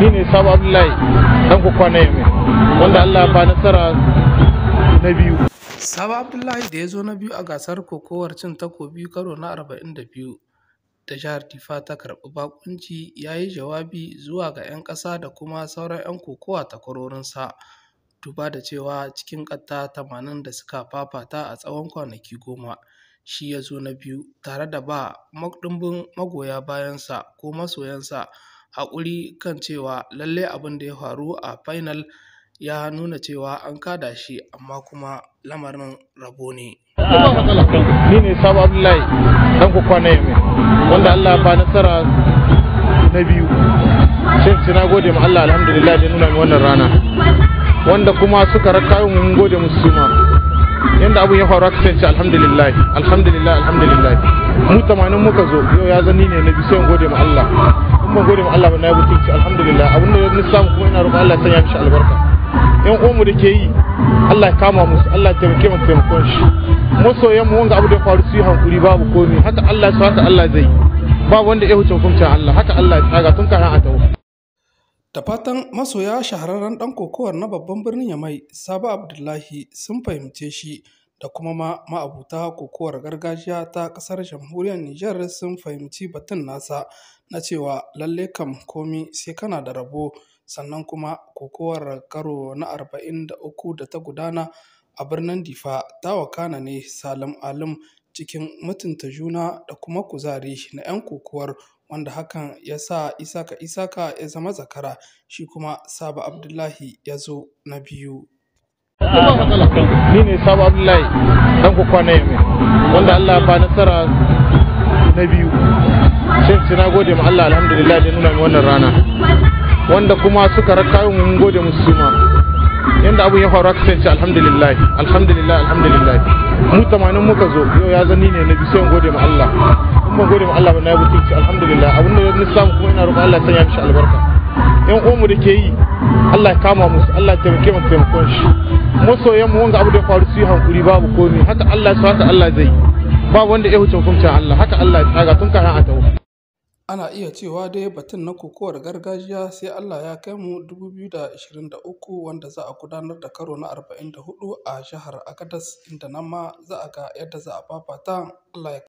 ni ne sabu abdullahi dan ku kwana yi wanda allah ba nasara na biyu sabu abdullahi da ya zo na biyu a gasar kokowar cin takobi karo na 42 da jihar tifa ta karɓi bakunci ya yi jawabi zuwa ga 'yan ƙasa da kuma sauran 'yan kokowa takwarorinsa duba da cewa cikin ƙatta tamanin da suka fafata a tsawon kwanaki goma shi ya zo na biyu tare da ba magoya bayansa ko masoyansa haƙuri kan cewa lallai abin da ya faru a final ya nuna cewa an kada shi amma kuma lamarin rabo ne. Ni ne Sabu Abdullahi dan kwakwa na yame wanda Allah ba nasara na biyu. Sai na gode ma Allah alhamdulillah da nuna mi wannan rana. Wanda kuma suka raka mun gode musu suma. Yanda abun ya faru kasance alhamdulillah alhamdulillah alhamdulillah. mu tamanin muka zo yau ya zanni ne na bi sai gode ma Allah in ban gode ma Allah ba na yi butulci alhamdulillah abin da na samu kuma ina roƙon Allah sanya mishi albarka yan uwanmu da ke yi Allah ya kama musu Allah ya taimake mu taimakon shi masoyan mu wanga abu da faru su yi hankuri babu komai haka Allah ya haka Allah zai ba wanda ya huce hukuncin Allah haka Allah ya tsaga tun kana a tawo ta fatan masoya shahararren dan kokowar na babban birnin Yamai Sabo Abdullahi sun fahimce shi da kuma ma ma'abuta kokowar gargajiya ta kasar jamhuriyar Nijar sun fahimci batun nasa na cewa lalle kam komi sai kana da rabo sannan kuma kokowar karo na 43 da ta gudana a birnin Difa ta wakana ne salam alim cikin mutunta juna da kuma kuzari na 'yan kokowar wanda hakan ya sa isaka isaka ya zama zakara shi kuma saba abdullahi ya zo na biyu ni ne sabu abdullahi dan ku kwana yami wanda allah ba nasara na biyu sai na gode ma allah alhamdulillah da nuna min wannan rana wanda kuma suka raka mun gode musu ma yanda abun ya faru kasance alhamdulillah alhamdulillah alhamdulillah mu tamanin muka zo yau ya zani ne na biyu, sai bisayin gode ma Allah kuma gode ma Allah ba na yi butulci alhamdulillah abinda da ni samu kuma ina roƙon Allah sanya mishi albarka yan uwanmu da ke yi Allah ya kama musu Allah ya taimake mu taimakon shi masoyan mu wanga abu da ya faru su yi hankuri babu komi haka Allah su haka Allah zai ba wanda ya huce hukuncin Allah haka Allah ya tsaga tun kana a tawo ana iya cewa dai batun na kokowar gargajiya sai Allah ya kai mu 2023 wanda za a gudanar da karo na 44 a jihar Agadas inda nan ma za a ga yadda za a fafata Allah ya